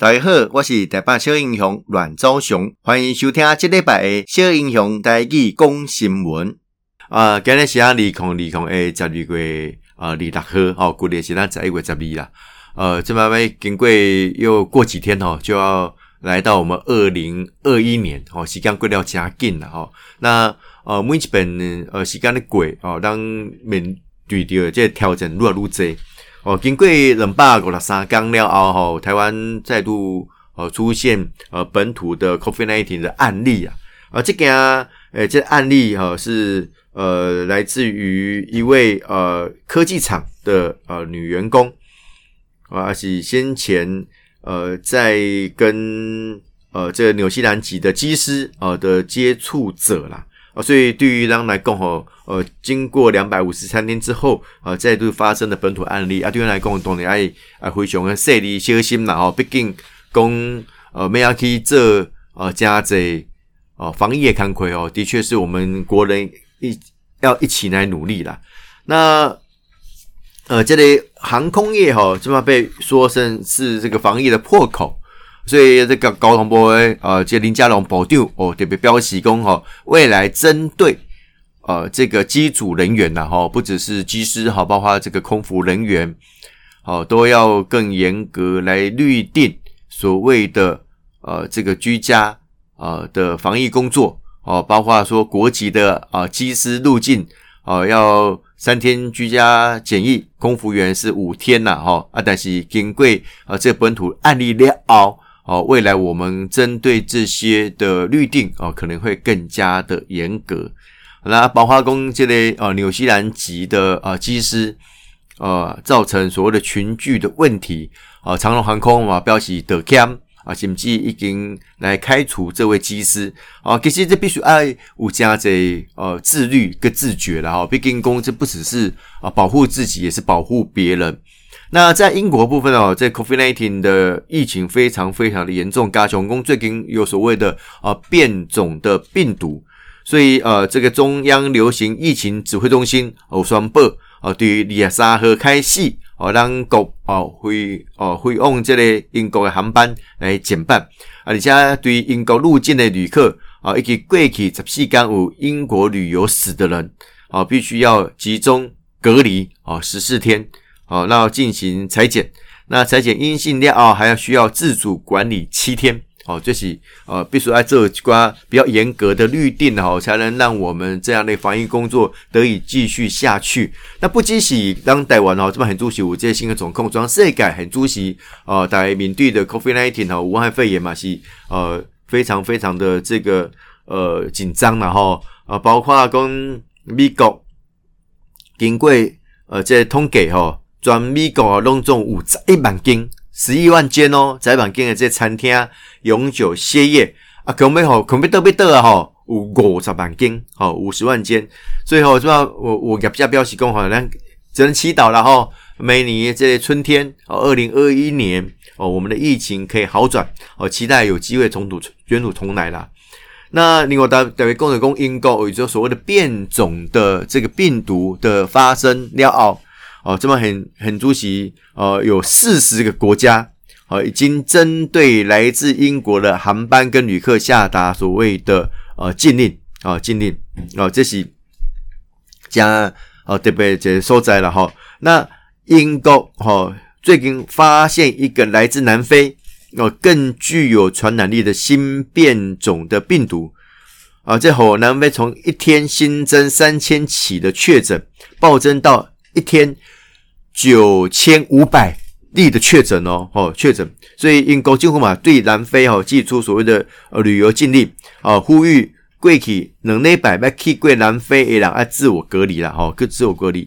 大家好，我是台北小英雄阮昭雄，歡迎收聽啊，這禮拜的小英雄大義講新聞啊、呃。今日是二零二零誒，十二月、呃、二六號哦，舊曆是啊，十一月十二啦。呃，這擺經過又過幾天、哦、就要來到我們二零二一年、哦、時間過得真緊、哦、那、呃、每一本、呃、時間的鬼哦，人面對着挑戰，越來越多。哦，經過兩百五十三天了後，台灣再度呃出現呃本土的 COVID-19 的案例啊，啊，這個呃、啊哎、這案例哈、啊、是呃來自於一位呃科技廠的呃女員工啊，而且先前呃在跟呃這個紐西蘭籍的機師呃的接觸者啦。所以，對於狼來講好，呃，經過兩百五十三天之後，呃，再度發生的本土案例啊，對未來共同你哎，啊，啊，回雄跟設立協心啦，哦，畢竟公呃，美亞 K 這呃，家賊呃防疫看虧哦，的確是我們國人一要一起來努力啦。那呃，這裡、個、航空業哈，這、呃、麼被說成是這個防疫的破口。所以這個交通部呃，接、這個、林佳龍部長哦，特別表示說哦，未來針對呃這個機組人員吶、啊、哈，不只是機師哈，包括這個空服人員，哦、呃，都要更嚴格來律定所謂的呃這個居家呃的防疫工作哦、呃，包括說國籍的啊機、呃、師入境哦要三天居家檢疫，空服員是五天吶哈啊、呃，但是經過啊這個、本土案例了哦。哦，未來我們針對這些的預定哦，可能會更加的嚴格。那寶華宮這類、個、呃紐西蘭籍的呃機師，呃，造成所謂的群聚的問題啊、呃，長榮航空啊，標示的 c a m 啊，甚至已經來開除這位機師啊，其實這必須愛五家這呃自律跟自覺了哈，畢竟公司不只是啊保護自己，也是保護別人。那在英國部分哦，這 COVID-19 的疫情非常非常的嚴重。加上，英最近有所謂的呃、啊、變種的病毒，所以呃、啊，這個中央流行疫情指揮中心哦宣布，哦，對於二十三號開始哦、啊，讓國哦、啊、會哦、啊、會用這類英國的航班來減半啊，而且對於英國入境的旅客啊，以及過去十四天有英國旅遊史的人啊，必須要集中隔離啊十四天。哦，那要進行採檢，那採檢陰性料、哦、還要需要自主管理七天，哦，就是呃必須挨這關比較嚴格的律定哦，才能讓我們這樣的防疫工作得以繼續下去。那不僅是當代完哦，這邊很主席，我這新的總控裝設改很主席，呃，在面對的 COVID-19 哦，武漢肺炎嘛是呃非常非常的這個呃緊張，然後呃包括講美國經過，呃這些統計哈。哦全美國啊，攏總五十一萬間、十一萬間哦，十一萬間誒！的這些餐廳永久歇業啊，可沒好，可沒得不得啊吼，有五十萬，、哦萬，哦、萬間，哦，五十萬間。最後、哦，我我甲加表示講好，只能只能祈禱了哈，每、哦、年這個春天哦，二零二一年哦，我們的疫情可以好轉哦，期待有機會重土捲土重，重，重，重來了。那另外，大各位工作人員，英國以及所謂的變種的這個病毒的發生了，了哦。哦，這麼很很主席，哦、呃，有四十個國家，哦，已經針對來自英國的航班跟旅客下達所謂的呃禁令，哦禁令，哦，這是講哦對不對？這所、個、在了哈、哦。那英國，哈、哦，最近發現一個來自南非哦更具有傳染力的新變種的病毒，啊、哦，這後南非從一天新增三千起的確診暴增到。一天九千五百例的確診哦，哦確診，所以英國政府嘛，對南非哦祭出所謂的呃旅遊禁令啊，呼籲過去能內擺賣去過南非，伊朗啊自我隔離啦，好各自我隔離。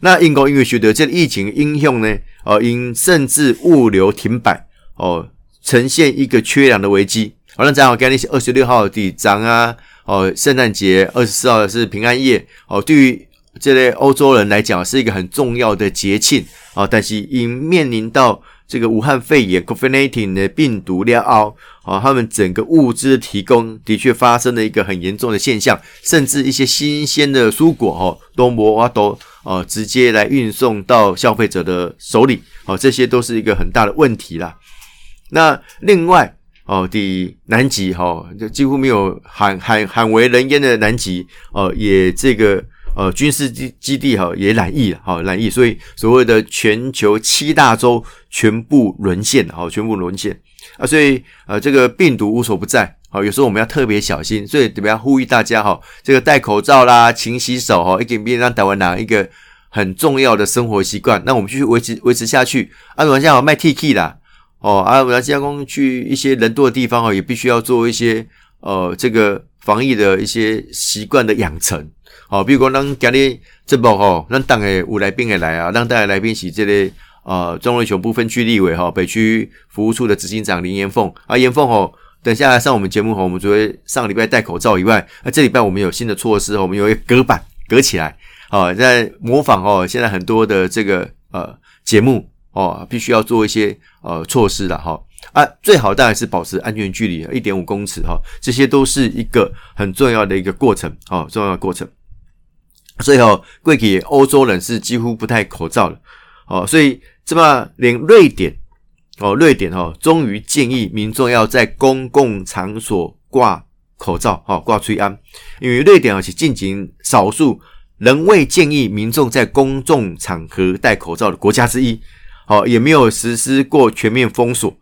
那英國因為覺得這疫情的影響呢，哦因甚至物流停擺哦，呈現一個缺糧的危機。好，那正好跟那些二十六號的漲啊，哦聖誕節二十四號是平安夜哦，對於。這類歐洲人來講是一個很重要的節慶啊，但是因面臨到這個武漢肺炎 coronating 的病毒的奧，啊、哦，他們整個物資的提供的確發生了一個很嚴重的現象，甚至一些新鮮的蔬果哈、哦、都沒法啊都啊直接來運送到消費者的手裡，哦，這些都是一個很大的問題啦。那另外哦，第南極哈、哦、就幾乎沒有罕罕罕為人煙的南極哦，也這個。呃，軍事基基地哈也染疫了，哈染疫，所以所謂的全球七大洲全部淪陷，哈全部淪陷啊，所以呃這個病毒無所不在，好、啊、有時候我們要特別小心，所以怎麼樣呼籲大家哈、啊，這個戴口罩啦，勤洗手哈，一定要讓台灣拿一個很重要的生活習慣，那我們繼續維持維持下去啊。現在要賣 Tik 啦，哦，啊，我們加工去一些人多的地方哈、啊，也必須要做一些呃、啊、這個防疫的一些習慣的養成。好，比如講，咱今天這幕吼，咱當下有來賓也來啊，讓大家來賓席這裡啊，莊瑞雄部分區立委哈，北區服務處的執行長林延鳳啊，延鳳吼，等下來上我們節目吼，我們除了上禮拜戴口罩以外，那、啊、這禮拜我們有新的措施哦，我們有一個隔板隔起來，好，在模仿哦，現在很多的這個呃節目哦，必須要做一些呃措施了哈。啊，最好當然是保持安全距離，一點五公尺哈、哦，這些都是一個很重要的一個過程，哦，重要的過程。所以哦，貴國歐洲人士幾乎不戴口罩了，哦，所以這麼連瑞典，哦，瑞典哈、哦，終於建議民眾要在公共場所掛口罩，哈、哦，掛吹安。因為瑞典、哦、是僅僅少數仍未建議民眾在公眾場合戴口罩的國家之一，好、哦，也沒有實施過全面封鎖。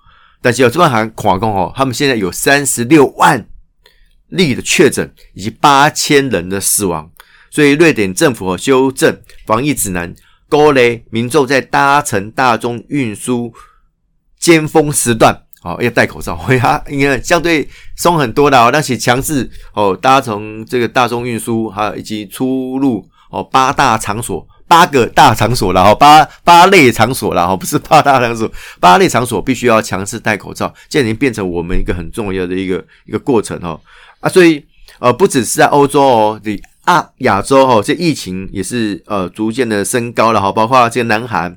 但是有這麼還垮工哦，他們現在有三十六萬例的確診，以及八千人的死亡。所以瑞典政府修正防疫指南，鼓勵民眾在搭乘大眾運輸尖峰時段啊，要戴口罩。啊，應該相對鬆很多的哦，那些強制哦搭乘這個大眾運輸，還有以及出入哦八大場所。八個大場所然哈，八八類場所然哈，不是八大場所，八類場所必須要強制戴口罩，這已經變成我們一個很重要的一個一個過程哈啊，所以呃，不只是在歐洲哦，這亞亞洲哦，這疫情也是呃逐漸的升高了哈，包括這個南韓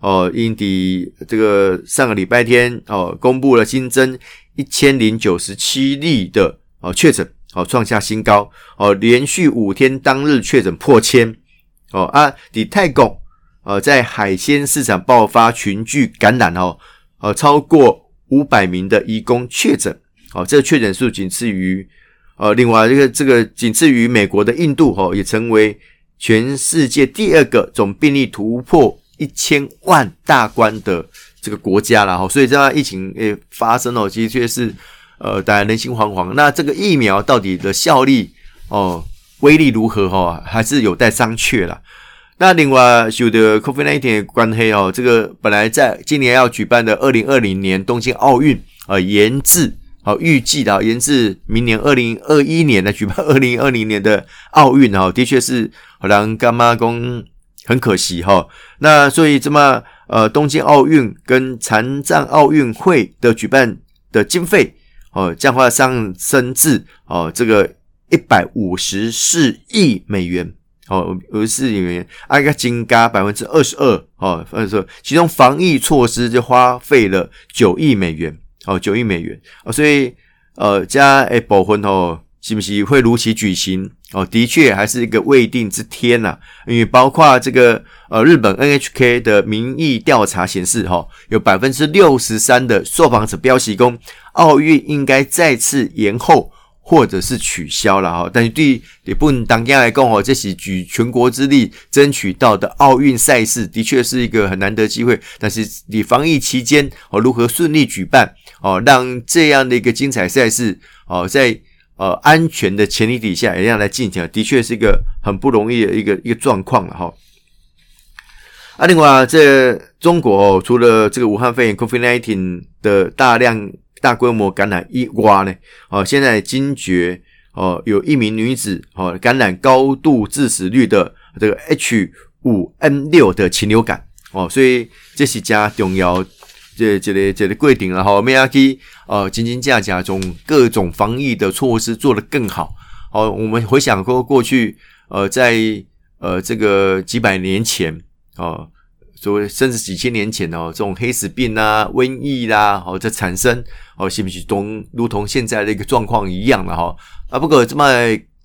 哦，印、呃、尼這個上個禮拜天哦、呃，公布了新增一千零九十七例的哦確診哦創下新高哦、呃，連續五天當日確診破千。哦啊，在泰國，呃，在海鮮市場爆發群聚感染哦，呃，超過五百名的移工確診，哦，這個確診數僅次於，呃，另外這個這個僅次於美國的印度哈、哦，也成為全世界第二個總病例突破一千萬大關的這個國家了哈、哦，所以這樣疫情也發生哦，的確是，呃，大家人心惶惶。那這個疫苗到底的效力哦？威力如何哈、哦，還是有待商榷啦。那另外，就的 COVID-19 關黑哦，這個本來在今年要舉辦的二零二零年東京奧運啊，延至啊，預計的啊，延至明年二零二一年來舉辦二零二零年的奧運啊、哦，的確是好像干媽公很可惜哈、哦。那所以，這麼呃，東京奧運跟殘障奧運會的舉辦的經費哦，將會上升至哦這個。一百五十四億美元，哦，五十四億美元，按個金嘎百分之二十二，哦，二十二，其中防疫措施就花費了九億美元，哦，九億美元，哦，所以，呃，加誒，保婚哦，是不是會如期舉行？哦，的確還是一個未定之天吶、啊，因為包括這個，呃，日本 NHK 的民意調查顯示，哈、哦，有百分之六十三的受訪者表示，供奧運應該再次延後。或者是取消了哈，但是對也不能當天來講哦，這是舉全國之力爭取到的奧運賽事，的確是一個很難得的機會，但是你防疫期間哦，如何順利舉辦哦，讓這樣的一個精彩賽事哦在呃安全的前提底下也要來進行，的確是一個很不容易的一個一個狀況了哈。啊，另外這個中國哦，除了這個武漢肺炎 （COVID-19） 的大量。大規模感染一挖呢？哦，現在驚覺哦，有一名女子哦感染高度致死率的這個 H5N6 的禽流感哦，所以這是加重要這這個這個規定了吼，我們要去哦金價假假中各種防疫的措施做得更好哦。我們回想過過去呃在呃這個幾百年前哦。呃所以，甚至幾千年前哦，這種黑死病啊、瘟疫啦，哦，這產生哦，是不是同如同現在的一個狀況一樣的哈？啊，不過這麼，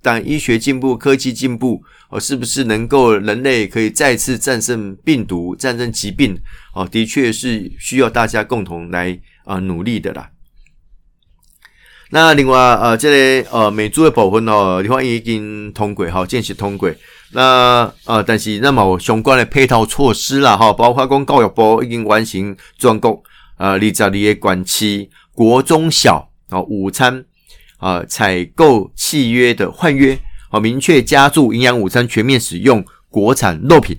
當醫學進步、科技進步，哦，是不是能夠人類可以再次戰勝病毒、戰勝疾病？哦，的確是需要大家共同來啊努力的啦。那另外呃，這個呃，美豬的部分哦，你方已經通過，好、哦，正式通過。那呃，但是那麼相關的配套措施啦，哈、哦，包括講教育部已經完成全國呃二十二個管區國中小哦午餐啊、呃、採購契約的換約，哦，明確加注營養午餐全面使用國產肉品，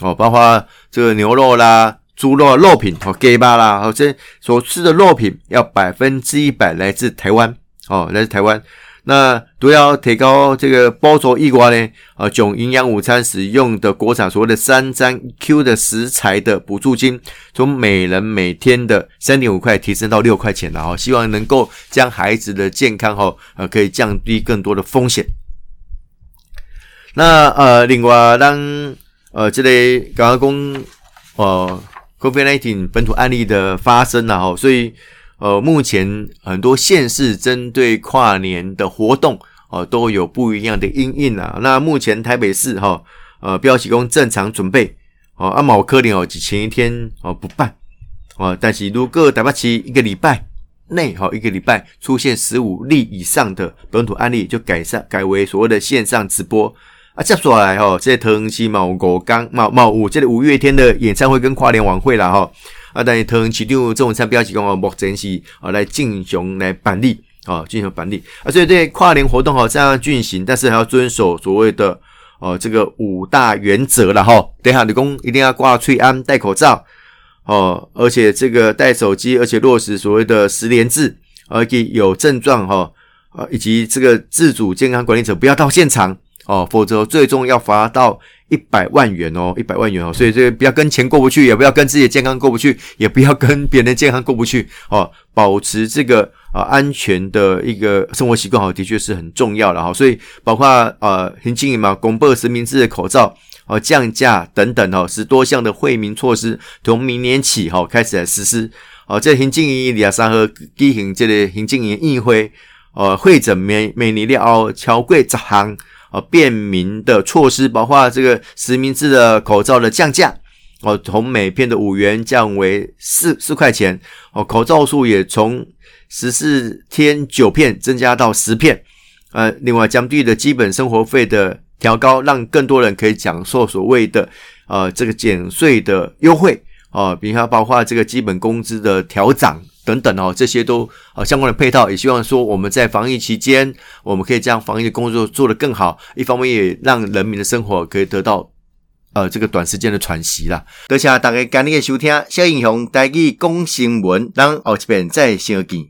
哦，包括這個牛肉啦。豬肉肉品哦，雞肉啦，哦，這所吃的肉品要百分之一百來自台灣哦，來自台灣。那都要提高這個包桌一瓜呢？啊、呃，種營養午餐使用的國產所謂的三章 Q 的食材的補助金，從每人每天的三點五塊提升到六塊錢然，哈、哦。希望能夠將孩子的健康哦，呃，可以降低更多的風險。那呃，另外當呃，這類加工呃。哦 COVID-19 本土案例的發生吶、啊，所以呃，目前很多縣市針對跨年的活動、呃，都有不一樣的因應吶、啊。那目前台北市哈、啊，呃，標題公正常準備，啊阿毛科林哦，啊、只前一天不辦，啊、但是如果達不奇一個禮拜內，哈，一個禮拜出現十五例以上的本土案例，就改善，改為所謂的線上直播。啊，接下來吼、哦，這些騰訊毛國剛、毛毛五，這裡五月天的演唱會跟跨年晚會啦，哈啊，但是東西就政府上表示講，目前是啊，來進行來辦理啊，進、哦、行辦理啊，所以這跨年活動吼，這樣進行，但是還要遵守所謂的呃、哦、這個五大原則了，哈、哦。等一下，你公一定要掛翠安戴口罩哦，而且這個戴手機，而且落實所謂的實聯制，而且有症狀哈，呃、哦，以及這個自主健康管理者不要到現場。哦，否則最終要罰到一百萬元哦，一百萬元哦，所以這不要跟錢過不去，也不要跟自己的健康過不去，也不要跟別人的健康過不去哦，保持這個啊、呃、安全的一個生活習慣哦，的確是很重要的哈、哦。所以包括呃，行政院嘛，公布實名制的口罩哦，降價等等哦，十多項的惠民措施，從明年起哈、哦、開始來實施哦。這行政院裡啊，三和舉行這個行政院議會哦、呃，會診每每年要超過一項。呃、啊、便民的措施包括這個實名制的口罩的降價，呃、啊、從每片的五元降為四四塊錢，哦、啊，口罩數也從十四天九片增加到十片，呃、啊，另外降低的基本生活費的調高，讓更多人可以享受所謂的呃、啊、這個減稅的優惠，啊，比方包括這個基本工資的調漲。等等哦，這些都啊、呃、相關的配套，也希望說我們在防疫期間，我們可以將防疫的工作做得更好。一方面也讓人民的生活可以得到呃這個短時間的喘息啦。多謝大家今天的收聽，小英雄台語講新聞，等後邊再相見。